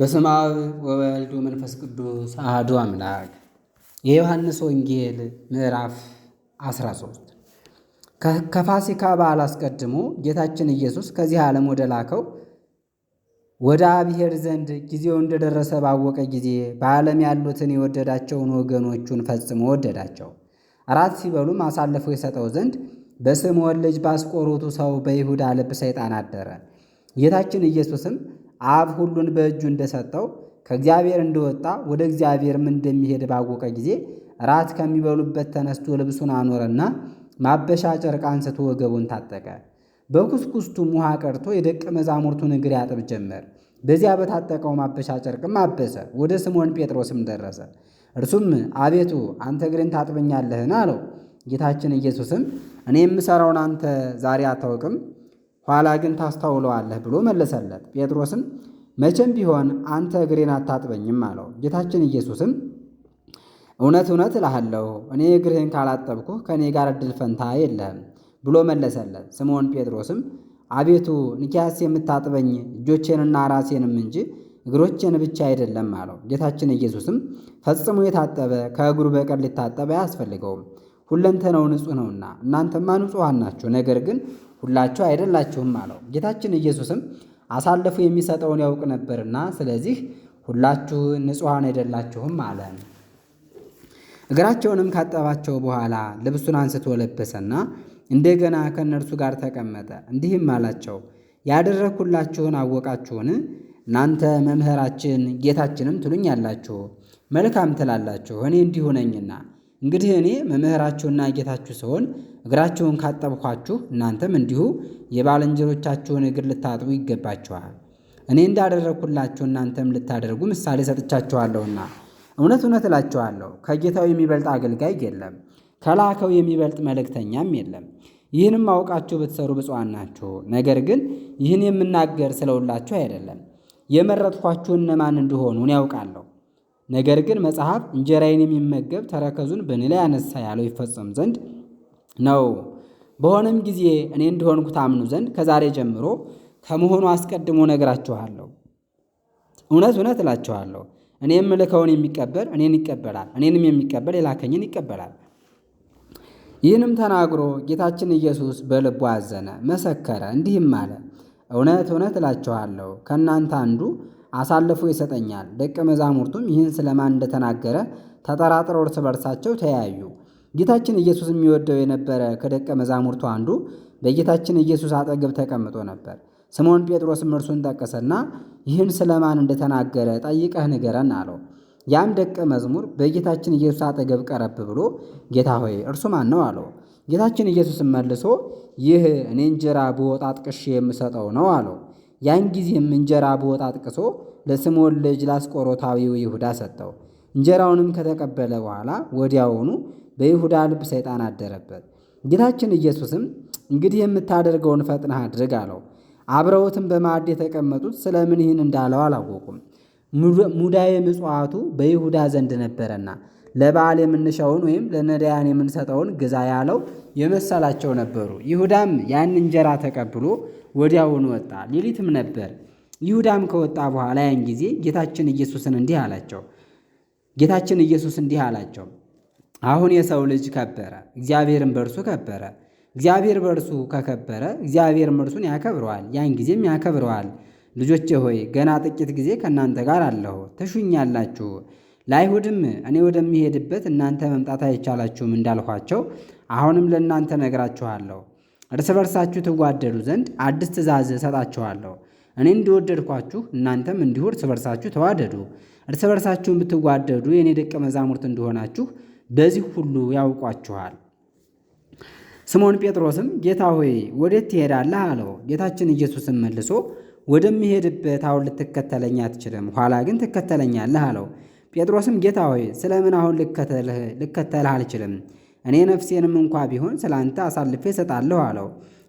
በስመ አብ ወወልድ ወመንፈስ ቅዱስ አሐዱ አምላክ። የዮሐንስ ወንጌል ምዕራፍ 13 ከፋሲካ በዓል አስቀድሞ ጌታችን ኢየሱስ ከዚህ ዓለም ወደ ላከው ወደ አብሔር ዘንድ ጊዜው እንደደረሰ ባወቀ ጊዜ በዓለም ያሉትን የወደዳቸውን ወገኖቹን ፈጽሞ ወደዳቸው። አራት ሲበሉም አሳልፎ የሰጠው ዘንድ በስምዖን ልጅ ባስቆሮቱ ሰው በይሁዳ ልብ ሰይጣን አደረ። ጌታችን ኢየሱስም አብ ሁሉን በእጁ እንደሰጠው ከእግዚአብሔር እንደወጣ ወደ እግዚአብሔርም እንደሚሄድ ባወቀ ጊዜ ራት ከሚበሉበት ተነስቶ ልብሱን አኖረና ማበሻ ጨርቅ አንስቶ ወገቡን ታጠቀ። በኩስኩስቱም ውሃ ቀርቶ የደቀ መዛሙርቱን እግር ያጥብ ጀመር። በዚያ በታጠቀው ማበሻ ጨርቅም አበሰ። ወደ ስምዖን ጴጥሮስም ደረሰ። እርሱም አቤቱ አንተ እግሬን ታጥበኛለህን? አለው። ጌታችን ኢየሱስም እኔ የምሠራውን አንተ ዛሬ አታውቅም ኋላ ግን ታስታውለዋለህ ብሎ መለሰለት። ጴጥሮስም መቼም ቢሆን አንተ እግሬን አታጥበኝም አለው። ጌታችን ኢየሱስም እውነት እውነት እልሃለሁ እኔ እግርህን ካላጠብኩ ከእኔ ጋር እድል ፈንታ የለህም ብሎ መለሰለት። ስምዖን ጴጥሮስም አቤቱ ንኪያስ የምታጥበኝ እጆቼንና ራሴንም እንጂ እግሮቼን ብቻ አይደለም አለው። ጌታችን ኢየሱስም ፈጽሞ የታጠበ ከእግሩ በቀር ሊታጠበ አያስፈልገውም፣ ሁለንተናው ንጹህ ነውና እናንተማ ንጹሐን ናችሁ፣ ነገር ግን ሁላችሁ አይደላችሁም አለው። ጌታችን ኢየሱስም አሳልፎ የሚሰጠውን ያውቅ ነበርና ስለዚህ ሁላችሁ ንጹሐን አይደላችሁም አለ። እግራቸውንም ካጠባቸው በኋላ ልብሱን አንስቶ ለበሰና እንደገና ከእነርሱ ጋር ተቀመጠ። እንዲህም አላቸው፣ ያደረግሁላችሁን አወቃችሁን? እናንተ መምህራችን ጌታችንም ትሉኛላችሁ፣ መልካም ትላላችሁ፣ እኔ እንዲሁ ነኝና እንግዲህ እኔ መምህራችሁና ጌታችሁ ስሆን እግራችሁን ካጠብኳችሁ እናንተም እንዲሁ የባልንጀሮቻችሁን እግር ልታጥቡ ይገባችኋል። እኔ እንዳደረግኩላችሁ እናንተም ልታደርጉ ምሳሌ ሰጥቻችኋለሁና። እውነት እውነት እላችኋለሁ ከጌታው የሚበልጥ አገልጋይ የለም፣ ከላከው የሚበልጥ መልእክተኛም የለም። ይህንም አውቃችሁ ብትሰሩ ብፁዓን ናችሁ። ነገር ግን ይህን የምናገር ስለሁላችሁ አይደለም፣ የመረጥኳችሁ እነማን እንደሆኑ ያውቃለሁ። ነገር ግን መጽሐፍ እንጀራዬን የሚመገብ ተረከዙን በእኔ ላይ አነሳ ያለው ይፈጸም ዘንድ ነው። በሆነም ጊዜ እኔ እንደሆንኩ ታምኑ ዘንድ ከዛሬ ጀምሮ ከመሆኑ አስቀድሞ ነግራችኋለሁ። እውነት እውነት እላችኋለሁ እኔ የምልከውን የሚቀበል እኔን ይቀበላል፣ እኔንም የሚቀበል የላከኝን ይቀበላል። ይህንም ተናግሮ ጌታችን ኢየሱስ በልቡ አዘነ፣ መሰከረ፣ እንዲህም አለ፦ እውነት እውነት እላችኋለሁ ከእናንተ አንዱ አሳልፎ ይሰጠኛል። ደቀ መዛሙርቱም ይህን ስለማን እንደተናገረ ተጠራጥረው እርስ በርሳቸው ተያዩ። ጌታችን ኢየሱስ የሚወደው የነበረ ከደቀ መዛሙርቱ አንዱ በጌታችን ኢየሱስ አጠገብ ተቀምጦ ነበር። ስምዖን ጴጥሮስም እርሱን ጠቀሰና ይህን ስለማን እንደተናገረ ጠይቀህ ንገረን አለው። ያም ደቀ መዝሙር በጌታችን ኢየሱስ አጠገብ ቀረብ ብሎ ጌታ ሆይ እርሱ ማን ነው አለው። ጌታችን ኢየሱስም መልሶ ይህ እኔ እንጀራ ብወጣ አጥቅሼ የምሰጠው ነው አለው። ያን ጊዜም እንጀራ በወጥ አጥቅሶ ለስምዖን ልጅ ላስቆሮታዊው ይሁዳ ሰጠው። እንጀራውንም ከተቀበለ በኋላ ወዲያውኑ በይሁዳ ልብ ሰይጣን አደረበት። ጌታችን ኢየሱስም እንግዲህ የምታደርገውን ፈጥነህ አድርግ አለው። አብረውትም በማዕድ የተቀመጡት ስለምን ይህን እንዳለው አላወቁም። ሙዳየ ምጽዋቱ በይሁዳ ዘንድ ነበረና ለበዓል የምንሻውን ወይም ለነዳያን የምንሰጠውን ግዛ ያለው የመሰላቸው ነበሩ። ይሁዳም ያን እንጀራ ተቀብሎ ወዲያውን ወጣ፣ ሌሊትም ነበር። ይሁዳም ከወጣ በኋላ ያን ጊዜ ጌታችን ኢየሱስን እንዲህ አላቸው ጌታችን ኢየሱስ እንዲህ አላቸው፣ አሁን የሰው ልጅ ከበረ፣ እግዚአብሔርም በእርሱ ከበረ። እግዚአብሔር በእርሱ ከከበረ እግዚአብሔር እርሱን ያከብረዋል፣ ያን ጊዜም ያከብረዋል። ልጆቼ ሆይ ገና ጥቂት ጊዜ ከእናንተ ጋር አለሁ፣ ትሹኛላችሁ ለአይሁድም እኔ ወደሚሄድበት እናንተ መምጣት አይቻላችሁም እንዳልኋቸው አሁንም ለእናንተ ነግራችኋለሁ። እርስ በርሳችሁ ትዋደዱ ዘንድ አዲስ ትእዛዝ እሰጣችኋለሁ። እኔ እንደወደድኳችሁ እናንተም እንዲሁ እርስ በርሳችሁ ተዋደዱ። እርስ በርሳችሁን ብትዋደዱ የእኔ ደቀ መዛሙርት እንደሆናችሁ በዚህ ሁሉ ያውቋችኋል። ስምዖን ጴጥሮስም ጌታ ሆይ ወዴት ትሄዳለህ? አለው። ጌታችን ኢየሱስም መልሶ ወደሚሄድበት አሁን ልትከተለኝ አትችልም፣ ኋላ ግን ትከተለኛለህ አለው። ጴጥሮስም ጌታ ሆይ ስለ ምን አሁን ልከተልህ አልችልም? እኔ ነፍሴንም እንኳ ቢሆን ስለ አንተ አሳልፌ እሰጣለሁ አለው።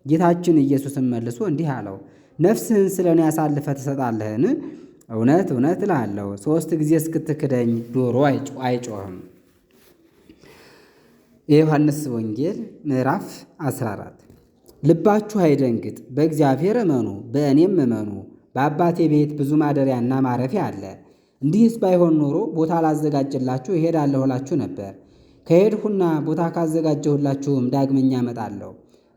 ጌታችን ኢየሱስም መልሶ እንዲህ አለው፣ ነፍስህን ስለ እኔ አሳልፈ ትሰጣለህን? እውነት እውነት እልሃለሁ ሦስት ጊዜ እስክትክደኝ ዶሮ አይጮህም። የዮሐንስ ወንጌል ምዕራፍ 14 ልባችሁ አይደንግጥ፣ በእግዚአብሔር እመኑ፣ በእኔም እመኑ። በአባቴ ቤት ብዙ ማደሪያና ማረፊያ አለ እንዲህስ ባይሆን ኖሮ ቦታ ላዘጋጅላችሁ እሄዳለሁ እላችሁ ነበር። ከሄድሁና ቦታ ካዘጋጀሁላችሁም ዳግመኛ እመጣለሁ፣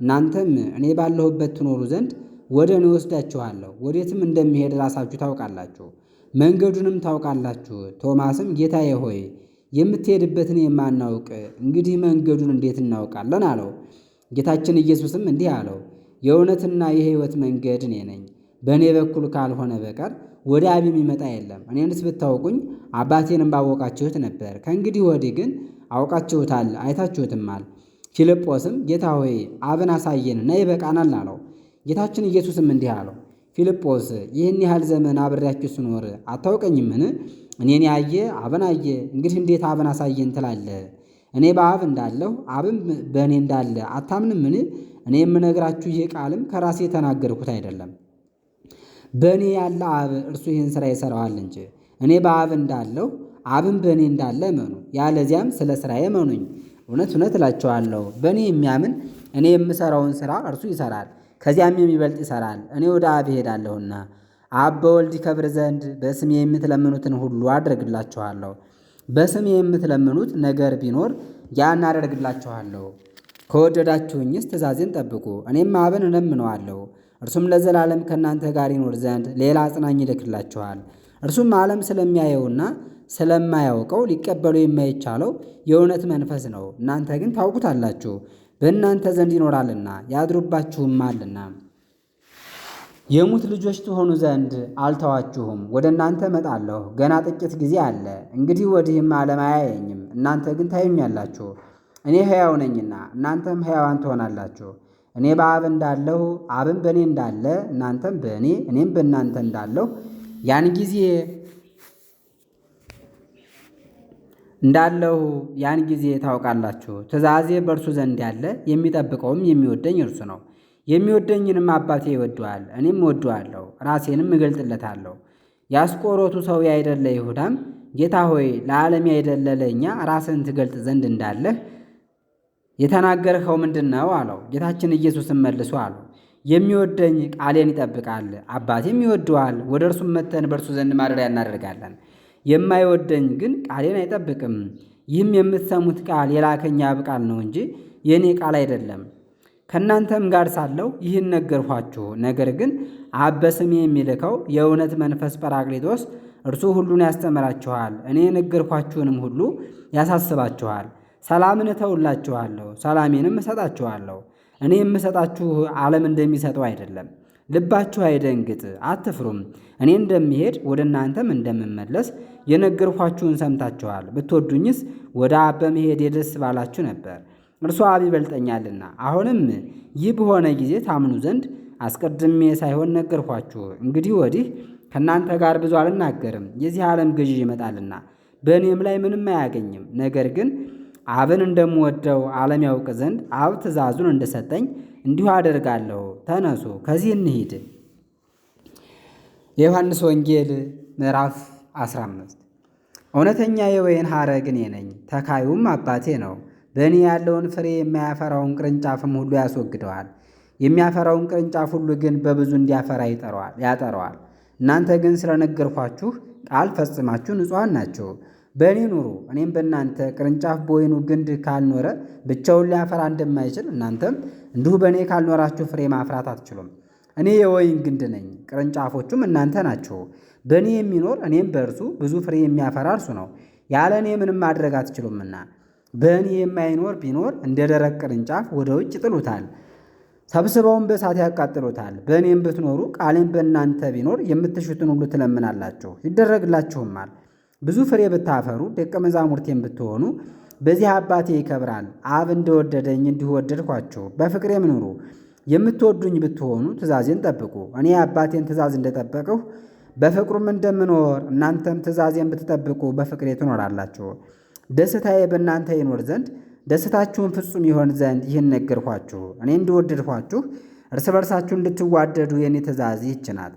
እናንተም እኔ ባለሁበት ትኖሩ ዘንድ ወደ እኔ ወስዳችኋለሁ። ወዴትም እንደሚሄድ ራሳችሁ ታውቃላችሁ፣ መንገዱንም ታውቃላችሁ። ቶማስም ጌታዬ ሆይ የምትሄድበትን የማናውቅ እንግዲህ መንገዱን እንዴት እናውቃለን? አለው። ጌታችን ኢየሱስም እንዲህ አለው፣ የእውነትና የሕይወት መንገድ እኔ ነኝ። በእኔ በኩል ካልሆነ በቀር ወደ አብ የሚመጣ የለም። እኔንስ ብታውቁኝ አባቴንም ባወቃችሁት ነበር። ከእንግዲህ ወዲህ ግን አውቃችሁታል፣ አይታችሁትማል። ፊልጶስም ጌታ ሆይ አብን ና ይበቃናል አለው። ጌታችን ኢየሱስም እንዲህ አለው፣ ፊልጶስ ይህን ያህል ዘመን አብሬያችሁ ስኖር አታውቀኝምን? እኔን ያየ አብን አየ። እንግዲህ እንዴት አብን አሳየን ትላለህ? እኔ በአብ እንዳለሁ አብም በእኔ እንዳለ አታምንምን? እኔ የምነግራችሁ ይህ ቃልም ከራሴ የተናገርኩት አይደለም በእኔ ያለ አብ እርሱ ይህን ሥራ ይሠራዋል እንጂ እኔ በአብ እንዳለው አብን በእኔ እንዳለ እመኑ፣ ያለዚያም ስለ ሥራዬ የመኑኝ። እውነት እውነት እላቸዋለሁ በእኔ የሚያምን እኔ የምሠራውን ሥራ እርሱ ይሠራል፣ ከዚያም የሚበልጥ ይሠራል፣ እኔ ወደ አብ እሄዳለሁና። አብ በወልድ ይከብር ዘንድ በስሜ የምትለምኑትን ሁሉ አድርግላችኋለሁ። በስሜ የምትለምኑት ነገር ቢኖር ያን አደርግላችኋለሁ። ከወደዳችሁኝስ ትእዛዜን ጠብቁ። እኔም አብን እለምነዋለሁ እርሱም ለዘላለም ከእናንተ ጋር ይኖር ዘንድ ሌላ አጽናኝ ይልክላችኋል። እርሱም ዓለም ስለሚያየውና ስለማያውቀው ሊቀበሉ የማይቻለው የእውነት መንፈስ ነው። እናንተ ግን ታውቁታላችሁ፣ በእናንተ ዘንድ ይኖራልና ያድሩባችሁማልና። የሙት ልጆች ትሆኑ ዘንድ አልተዋችሁም። ወደ እናንተ እመጣለሁ፣ ገና ጥቂት ጊዜ አለ። እንግዲህ ወዲህም ዓለም አያየኝም፣ እናንተ ግን ታዩኛላችሁ። እኔ ሕያው ነኝና እናንተም ሕያዋን ትሆናላችሁ። እኔ በአብ እንዳለሁ አብን በእኔ እንዳለ እናንተም በእኔ እኔም በእናንተ እንዳለሁ ያን ጊዜ እንዳለሁ ያን ጊዜ ታውቃላችሁ። ትእዛዜ በእርሱ ዘንድ ያለ የሚጠብቀውም የሚወደኝ እርሱ ነው። የሚወደኝንም አባቴ ይወደዋል፣ እኔም እወደዋለሁ፣ ራሴንም እገልጥለታለሁ። የአስቆሮቱ ሰው ያይደለ ይሁዳም ጌታ ሆይ ለዓለም ያይደለ ለእኛ ራስን ትገልጥ ዘንድ እንዳለህ የተናገርኸው ምንድን ነው አለው። ጌታችን ኢየሱስም መልሶ አለው የሚወደኝ ቃሌን ይጠብቃል፣ አባቴም ይወደዋል፣ ወደ እርሱም መተን በእርሱ ዘንድ ማደሪያ እናደርጋለን። የማይወደኝ ግን ቃሌን አይጠብቅም። ይህም የምትሰሙት ቃል የላከኝ አብ ቃል ነው እንጂ የእኔ ቃል አይደለም። ከእናንተም ጋር ሳለሁ ይህን ነገርኋችሁ። ነገር ግን አብ በስሜ የሚልከው የእውነት መንፈስ ጰራቅሊጦስ እርሱ ሁሉን ያስተምራችኋል፣ እኔ የነገርኳችሁንም ሁሉ ያሳስባችኋል ሰላምን እተውላችኋለሁ፣ ሰላሜንም እሰጣችኋለሁ። እኔ የምሰጣችሁ ዓለም እንደሚሰጠው አይደለም። ልባችሁ አይደንግጥ፣ አትፍሩም። እኔ እንደምሄድ ወደ እናንተም እንደምመለስ የነገርኋችሁን ሰምታችኋል። ብትወዱኝስ ወደ አብ በመሄድ የደስ ባላችሁ ነበር፣ እርሱ አብ ይበልጠኛልና። አሁንም ይህ በሆነ ጊዜ ታምኑ ዘንድ አስቀድሜ ሳይሆን ነገርኋችሁ። እንግዲህ ወዲህ ከእናንተ ጋር ብዙ አልናገርም፣ የዚህ ዓለም ገዥ ይመጣልና በእኔም ላይ ምንም አያገኝም። ነገር ግን አብን እንደምወደው ዓለም ያውቅ ዘንድ አብ ትእዛዙን እንደሰጠኝ እንዲሁ አደርጋለሁ። ተነሱ ከዚህ እንሂድ። የዮሐንስ ወንጌል ምዕራፍ 15 እውነተኛ የወይን ሐረግ እኔ ነኝ፣ ተካዩም አባቴ ነው። በእኔ ያለውን ፍሬ የማያፈራውን ቅርንጫፍም ሁሉ ያስወግደዋል። የሚያፈራውን ቅርንጫፍ ሁሉ ግን በብዙ እንዲያፈራ ያጠረዋል። እናንተ ግን ስለነገርኳችሁ ቃል ፈጽማችሁ ንጹሐን ናችሁ። በእኔ ኑሩ እኔም በእናንተ ቅርንጫፍ በወይኑ ግንድ ካልኖረ ብቻውን ሊያፈራ እንደማይችል እናንተም እንዲሁ በእኔ ካልኖራችሁ ፍሬ ማፍራት አትችሉም። እኔ የወይን ግንድ ነኝ፣ ቅርንጫፎቹም እናንተ ናችሁ። በእኔ የሚኖር እኔም በእርሱ ብዙ ፍሬ የሚያፈራ እርሱ ነው፣ ያለ እኔ ምንም ማድረግ አትችሉምና። በእኔ የማይኖር ቢኖር እንደ ደረቅ ቅርንጫፍ ወደ ውጭ ጥሉታል ሰብስበውም በእሳት ያቃጥሉታል። በእኔም ብትኖሩ ቃሌም በእናንተ ቢኖር የምትሹትን ሁሉ ትለምናላችሁ፣ ይደረግላችሁማል። ብዙ ፍሬ ብታፈሩ ደቀ መዛሙርቴን ብትሆኑ በዚህ አባቴ ይከብራል። አብ እንደወደደኝ እንዲሁ ወደድኳችሁ፣ በፍቅሬም ኑሩ። የምትወዱኝ ብትሆኑ ትእዛዜን ጠብቁ። እኔ አባቴን ትእዛዝ እንደጠበቅሁ በፍቅሩም እንደምኖር እናንተም ትእዛዜን ብትጠብቁ በፍቅሬ ትኖራላችሁ። ደስታዬ በእናንተ ይኖር ዘንድ ደስታችሁን ፍጹም ይሆን ዘንድ ይህን ነገርኳችሁ። እኔ እንደወደድኳችሁ እርስ በርሳችሁ እንድትዋደዱ የእኔ ትእዛዝ ይህች ናት።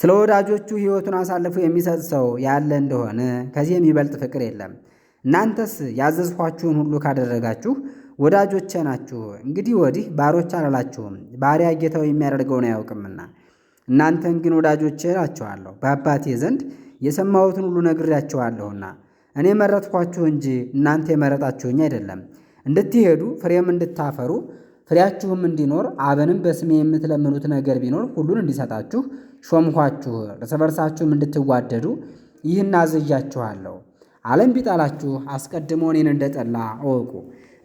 ስለ ወዳጆቹ ሕይወቱን አሳልፎ የሚሰጥ ሰው ያለ እንደሆነ ከዚህ የሚበልጥ ፍቅር የለም። እናንተስ ያዘዝኋችሁን ሁሉ ካደረጋችሁ ወዳጆቼ ናችሁ። እንግዲህ ወዲህ ባሮች አላላችሁም፣ ባሪያ ጌታው የሚያደርገውን አያውቅምና። እናንተን ግን ወዳጆቼ እላችኋለሁ፣ በአባቴ ዘንድ የሰማሁትን ሁሉ ነግሬያችኋለሁና። እኔ መረጥኳችሁ እንጂ እናንተ የመረጣችሁኝ አይደለም፣ እንድትሄዱ ፍሬም እንድታፈሩ ፍሬያችሁም እንዲኖር አብንም በስሜ የምትለምኑት ነገር ቢኖር ሁሉን እንዲሰጣችሁ ሾምኳችሁ እርስ በርሳችሁም እንድትዋደዱ ይህን አዘዣችኋለሁ። ዓለም ቢጠላችሁ አስቀድሞ እኔን እንደጠላ እወቁ።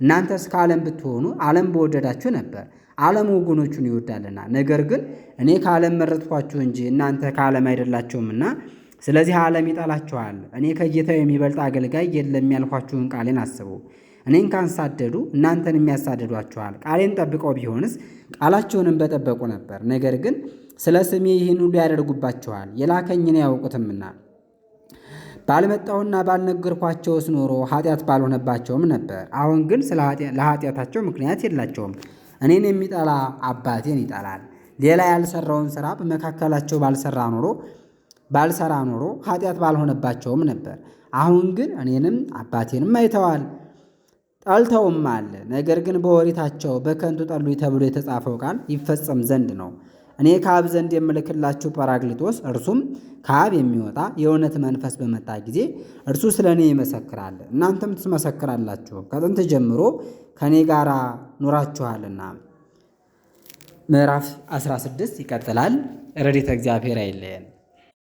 እናንተስ ዓለም ብትሆኑ ዓለም በወደዳችሁ ነበር፣ ዓለም ወገኖቹን ይወዳልና። ነገር ግን እኔ ከዓለም መረጥኳችሁ እንጂ እናንተ ከዓለም አይደላችሁምና ስለዚህ ዓለም ይጠላችኋል። እኔ ከጌታው የሚበልጥ አገልጋይ የለም ያልኳችሁን ቃሌን አስቡ። እኔን ካንሳደዱ እናንተን የሚያሳድዷችኋል። ቃሌን ጠብቀው ቢሆንስ ቃላችሁንም በጠበቁ ነበር። ነገር ግን ስለ ስሜ ይህን ሁሉ ያደርጉባችኋል፣ የላከኝን ያውቁትምና። ባልመጣሁና ባልነገርኳቸውስ ኖሮ ኃጢአት ባልሆነባቸውም ነበር። አሁን ግን ለኃጢአታቸው ምክንያት የላቸውም። እኔን የሚጠላ አባቴን ይጠላል። ሌላ ያልሰራውን ስራ በመካከላቸው ባልሰራ ኖሮ ባልሰራ ኖሮ ኃጢአት ባልሆነባቸውም ነበር። አሁን ግን እኔንም አባቴንም አይተዋል ጠልተውም አለ። ነገር ግን በወሪታቸው በከንቱ ጠሉኝ ተብሎ የተጻፈው ቃል ይፈጸም ዘንድ ነው። እኔ ከአብ ዘንድ የምልክላችሁ ጰራቅሊጦስ እርሱም ከአብ የሚወጣ የእውነት መንፈስ በመጣ ጊዜ እርሱ ስለ እኔ ይመሰክራል፣ እናንተም ትመሰክራላችሁ፣ ከጥንት ጀምሮ ከእኔ ጋር ኑራችኋልና። ምዕራፍ 16 ይቀጥላል። ረድኤተ እግዚአብሔር አይለየን።